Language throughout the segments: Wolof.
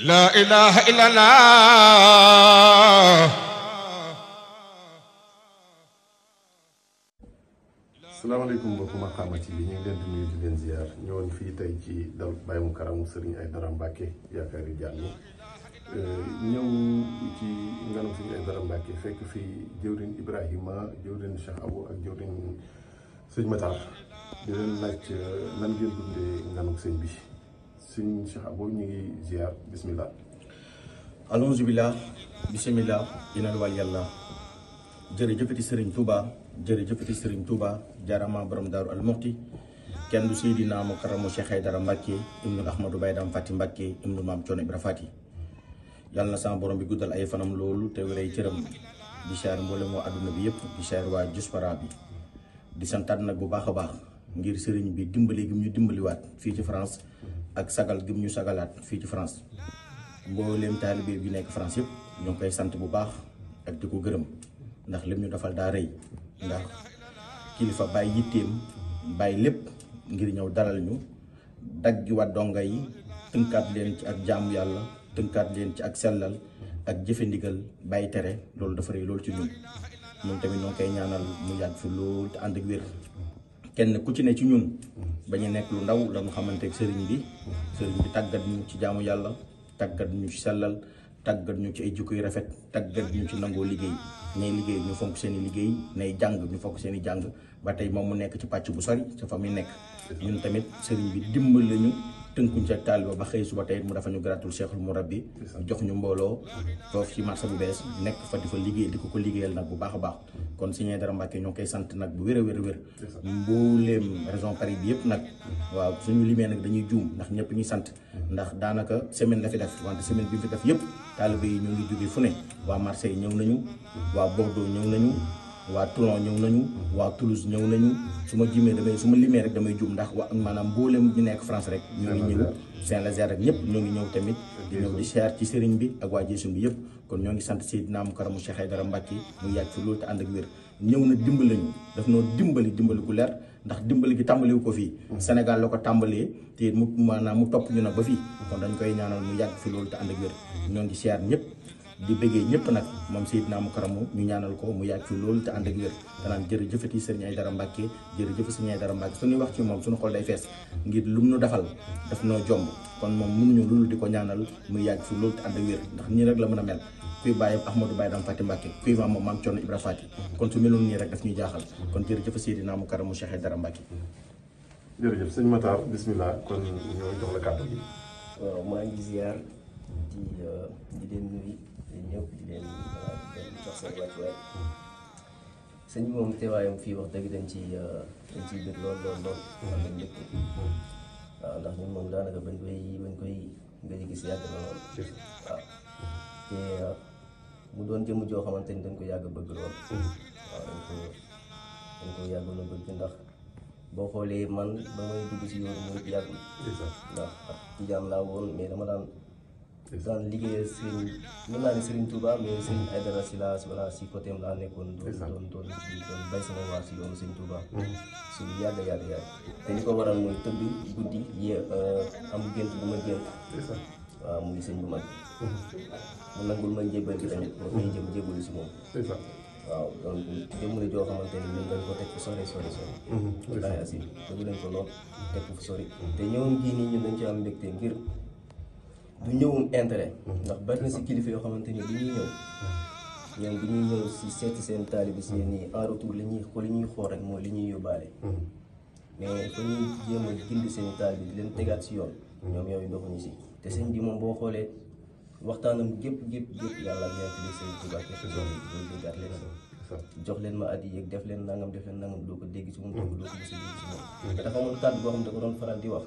لا إله إلا الله salaamaaleykum mbokk Makhama TV ñu ngi leen nuyu di leen ziar ñëwoon fii tey ci dal Baye Moukaram Serigne Aidara Mbacké yaakaari jàmm ñëw eh, ci nganam Serigne Aidara Mbacké fekk fii jëwrin Ibrahima jëwrin Cheikh Abou ak Serigne Matar di leen eh, ngeen sëñ Cheikh Abou ñu ngi ziar bismillah alonzu billah bismillah dina wal yàlla jërëjëfati sëriñ Touba jërëjëfati sëriñ Touba jaarama borom daaru almuxti kenn du Seydina mu karamu Cheikh Aydara Mbacke ibnu Ahmadou Baydam Fati Mbacke ibnu maam Coono Ibra Fati yàlla na sama borom bi guddal ay fanam loolu te wéray cëram di siyaar mboolem waa adduna bi yëpp di siyaar waa diaspora bi di santaat nag bu baax a baax ngir sëriñ bi dimbali gi ñu dimbaliwaat fii ci France ak sagal gim ñu sagalaat fii ci France mbooleem taalibe bi nekk France yëpp ñoo ngi koy sant bu baax ak di ko gërëm ndax lim ñu defal daa rëy ndax kilifa bàyyi yitteem bàyyi lépp ngir ñëw daral ñu daggiwaat dongo yi tënkaat leen ci ak jaamu yàlla tënkaat leen ci ak sellal ak jëfe ndigal bàyyi tere loolu dafa rëy loolu ci ñun moom tamit ñoo ngi koy ñaanal mu yàgg fi loolu te ànd ak wér kenn ku ci ne ci ñun ba ñu nekk lu ndaw la ñu xamante ak sëriñ bi sëriñ bi tàggat ñu ci jaamu yàlla tàggat ñu ci sellal tàggat ñu ci ay jikko yu rafet tàggat ñu ci nangoo liggéey nay liggéey ñu fonk seen i liggéey nay jàng ñu fonk seen i jàng ba tey moom mu nekk ci pàcc bu sori sa fa muy nekk ñun tamit sëriñ bi dimbal lañu tënkuñ ca taaliba ba xëy suba tey mu dafa ñu garatul cheikhul bi jox ñu mbooloo foofu ci marché bu bees nekk fa di fa liggéey di ko ko liggéeyal nag bu baax baax kon Serigne Aidara Mbacke ñoo koy sant nag bu wér a wér a wér mbooleem région Paris bi yëpp nag waaw suñu limee nag dañuy juum ndax ñëpp ñuy sant ndax daanaka semaine la fi def wante semaine bi fi def yëpp taaliba yi ñu ngi jóge fu ne waa Marseille ñëw nañu waa Bordeaux ñëw nañu waa Toulon ñëw nañu waa Toulouse ñëw nañu su ma jimee damay su ma limee rek damay juum ndax wa maanaam mboolem ñu nekk France rek ñu ngi ñëw Saint-Lazare rek ñëpp ñoo ngi ñëw tamit di ñëw di ci sëriñ bi ak waa Jéesu bi yëpp kon ñoo ngi sant Seydina mu karamu Cheikh Aïdara mu yàgg fi loolu te ànd ak wér ñëw na dimbali ñu daf noo dimbali dimbali ku leer ndax dimbali gi tàmbaliwu ko fii Sénégal la ko tàmbalee te mu maanaam mu topp ñu nag ba fii kon dañ koy ñaanal mu yàgg fi loolu te ànd ak wér ñoo ngi siyaar ñëpp di bëggee ñëpp nag moom Seydina Moukaramou ñu ñaanal ko mu yàgg ci loolu te ànd ak wér danaan jërëjëfati Serigne Aïdara Mbacke jërëjëf Serigne Aïdara Mbacke suñuy wax ci moom suñu xol day fees ngir lum nu defal daf noo jomb kon moom mënuñu loolu di ko ñaanal mu yàgg ci loolu te ànd ak wér ndax nii rek la mën a mel kuy bàyyi Ahmadou Baye Dame Faty Mbacke kuy maam moom maam Thierno Ibra Faty kon su meloon nii rek daf ñuy jaaxal kon jërëjëf Seydina Moukaramou Cheikh Aïdara Mbacke jërëjëf sëñ Matar bismillah kon ñoo jox la kàddu gi waaw di bi eh, leen nuyu di ñëpp di leen eh, jox seen wàccuwaay sëñ bi moom teewaayam fii wax dëgg dañ ci eh, dañ ciy bëgg lool lool lool am ndax ñun moom daanaka bañ koy bañ koy gëj gis yàgg na lool waaw te mu doon jëmm joo xamante ni dañ ko yàgg bëgg lool waaw dañ ko xoolee man ba dugg si yoonu ah, laa woon mais dama daan exemple liggéeyal sëriñ mën naa ne sëriñ Touba mais sëriñ Aïdara Sylla voilà si côté am laa nekkoon doon doon doon doon bay sama waa si yoonu sëriñ Touba si lu yàgg yàgg yàgg te li ko waral mooy tëdd guddi yee am gént bu ma gént waaw muy sëñ bu mag mu nangul ma njébal bi tamit ma koy jëm jébalu si moom waaw donc jëmm la joo xamante du ñëwum intérêt ndax bari na si kilifa yoo xamante ni bi ñuy ñëw ñoom ñëw si seeti seen taalibi si nii en retour li ñuy ko li ñuy xool rek mooy li ñuy yóbbaale mais fa ñuy a gindi seen taalibi di leen tegaat si yoon ñoom yooyu doxuñu si te sëñ bi moom boo xoolee waxtaanam gépp gépp gépp yàlla ñeent li sëñ Tuuba képp loolu déggaat leen jox leen ma at yi def leen nangam def leen nangam doo ko dégg si moom doo ko doo ko si dégg si moom dafa amoon kàddu boo xam ne doon faral di wax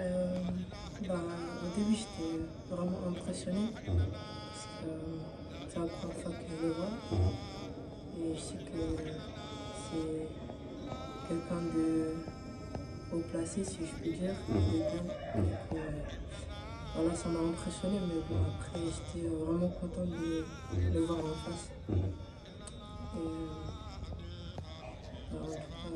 Euh, bah, au début, j'étais vraiment impressionnée. Parce que c'est la première fois que je le vois. Mhm. Et je sais que c'est quelqu'un de haut placé, si je peux dire. Mhm. Euh, voilà, ça m'a impressionné, mais bon, mhm. après, j'étais vraiment content de, le voir en face. Et, euh, bah, en tout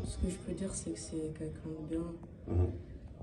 cas, ce que je peux dire, c'est que c'est quelqu'un de bien.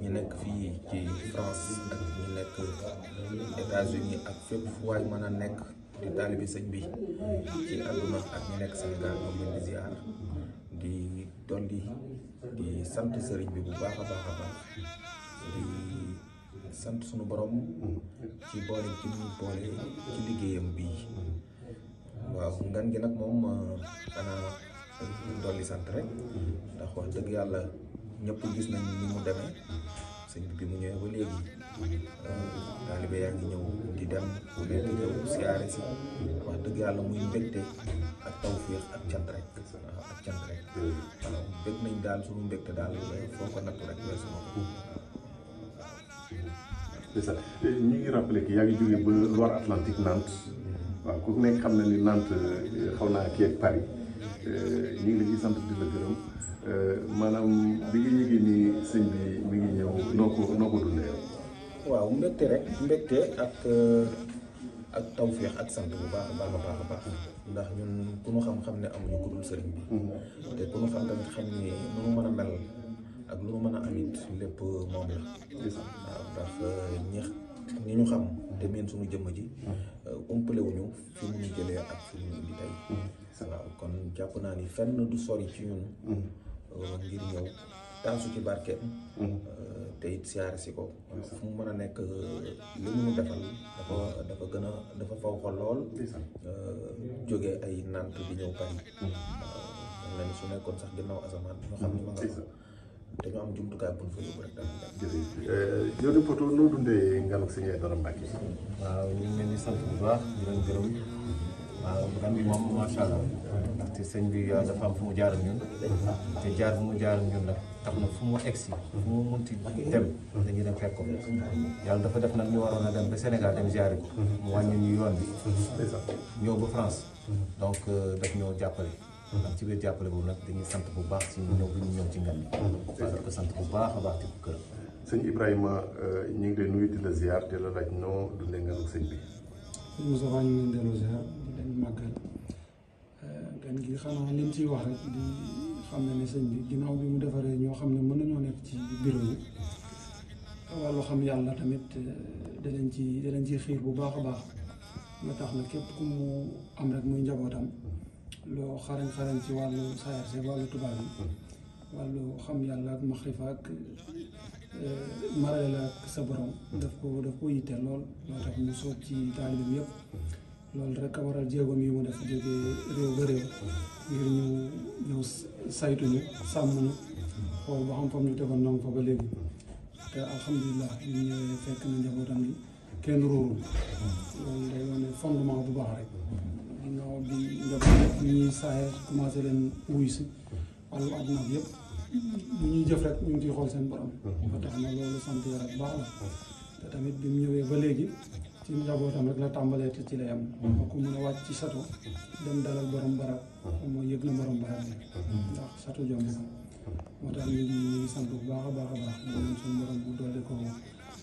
ñi nekk fii ci France ak ñi nekk États-Unis ak fépp fu waay mën a nekk di taalibi sëñ bi ci àdduna ak ñi nekk Sénégal ñoom leen di ziar di dolli di sant sëriñ bi bu baax a di sant sunu borom ci boole ci ñu boole ci liggéeyam bii waaw ngan gi nag moom ah, xanaa dolli sant rek ndax wax dëgg yàlla ñepp gis nañ ni mu démé sëñ bi mu ñëw ba légui taalibe ya eh, nga ñëw di dem ko leen di ñëw siaré ci wax dëgg yalla muy mbékté ak tawfiq ak cant rek ak cant rek voilà bég nañ daal suñu mbékté daal foko nat rek weesu na ko c'est ça ñu ngi rappelé que yaa ngi jógee ba Loire Atlantique Nantes waaw eh, ku nekk xam ni Nantes xaw naa ak Paris Euh, ñu ngi la ciy sant di la gërëm euh, maanaam bi nga yëgee sëñ bi mi ngi ñëw noo ko noo ko dundee. waaw mbégte rek mbégte ak euh, ak tawféex ak sant bu baax a baax a baax a baax mm-hmm. ndax ñun ku ñu xam-xam ne amuñu ku dul sëriñ bi. Mm-hmm. te ku xam tamit xam ne nu mu mën a mel ak lu mu mën a amit lépp moom la. waaw ndax ñeex. ñi ñu xam te miin suñu jëmm ji euh, umpale wuñu fi ñu jëlee ak fi ñu indi tey waaw kon jàpp naa ni fenn du sori ci ñun euh, ngir ñëw taasu ci barkeem euh, te it siyaare si ko fu mu mën a nekk li mu defal dafa dafa gën a dafa faw xol lool jóge ay nant di ñëw Paris mm-hmm. waaw la ni su nekkoon sax ginnaaw asamaan ñu xam ni ma nga te ñu am jumtukaay pour ñu fa rek daanaka. jërëjëf euh, ñu ngi leen di sant bu baax di sëñ bi euh, dafa am mu jaar jaar mu jaar ñun nag tax na fu mu egsi fu mu munti dem dañuy yàlla dafa def nag ñu waroon a dem ba Sénégal France donc euh, daf ñoo jàppale. ci biir jàppale boobu nag dañuy sant bu baax ci ñëw bi ñu ñëw ci nga bi mm-hmm. di ko bu baax a baax di ko kër sëñ Ibrahima euh, ñu ngi lay nuyu di la ziar te la laaj noo dundee nganuk sëñ bi sëñ Moustapha ñu ngi leen delloo ziar di leen màggal euh, gan ciy wax xam ne ne sëñ bi ginnaaw bi mu defaree ñoo xam ne mën nañoo nekk ci bureau yi wàllu xam yàlla tamit euh, danañ ci danañ ci xiir bu baax a baax nga tax na képp ku mu am rek muy njabootam loo xarañ xarañ ci wàllu saayar si wàllu tubaab yi wàllu xam yàlla ak maxrifa ak marale la ak sa borom daf ko daf ko yitte lool loo tax mu soog ci taalibam yëpp loolu rek a waral jéegoom yi mu def jóge réew ba réew ngir ñu ñëw saytu ñu sàmm ñu xool ba xam fam ñu defoon noonu fa ba léegi te alhamdulilah ñu ñëwee fekk na njabootam gi kenn ruuru loolu day wane fondement bu baax rek ñoo bi njaboot yëpp ñu ñuy saayee commencé leen wuyu si wàllu àdduna bi mm-hmm. ñuy jëf rek ñu ngi ciy seen borom mm-hmm. ba tax na loolu sant yàlla bu baax la te tamit bi mu ñëwee ba léegi ci njabootam rek la tàmbalee te ci lay am mm-hmm. ku mën a wàcc ci sato dem dalal borom barab moo yëg na borom barab bi ndax sato jomb moo tax ñu ngi sant bu baax a baax a baax di leen suñu borom bu dolli ko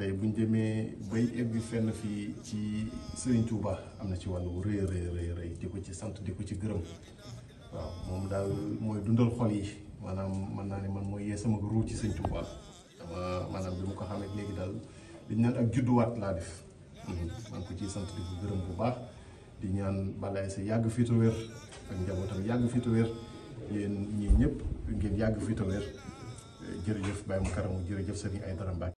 tey buñ demee bay egg fenn fii ci Serigne Touba am na ci wàllu rëy rëy rëy rëy di ko ci sant di ko ci gërëm waaw moom daal mooy dundal xol yi maanaam mën naa ne man mooy yee sama ruu ci Serigne Touba dama maanaam bi mu ko xamee léegi daal di ñu naan ak judduwaat laa def mhm, man ko ciy sant di ko gërëm bu baax di ñaan balaay si yàgg fii te wér ak njabootam yàgg fii te wér yéen ñii ñëpp ngeen yàgg fii te wér jërëjëf Baye Moukaramou jërëjëf Serigne ay Mbacke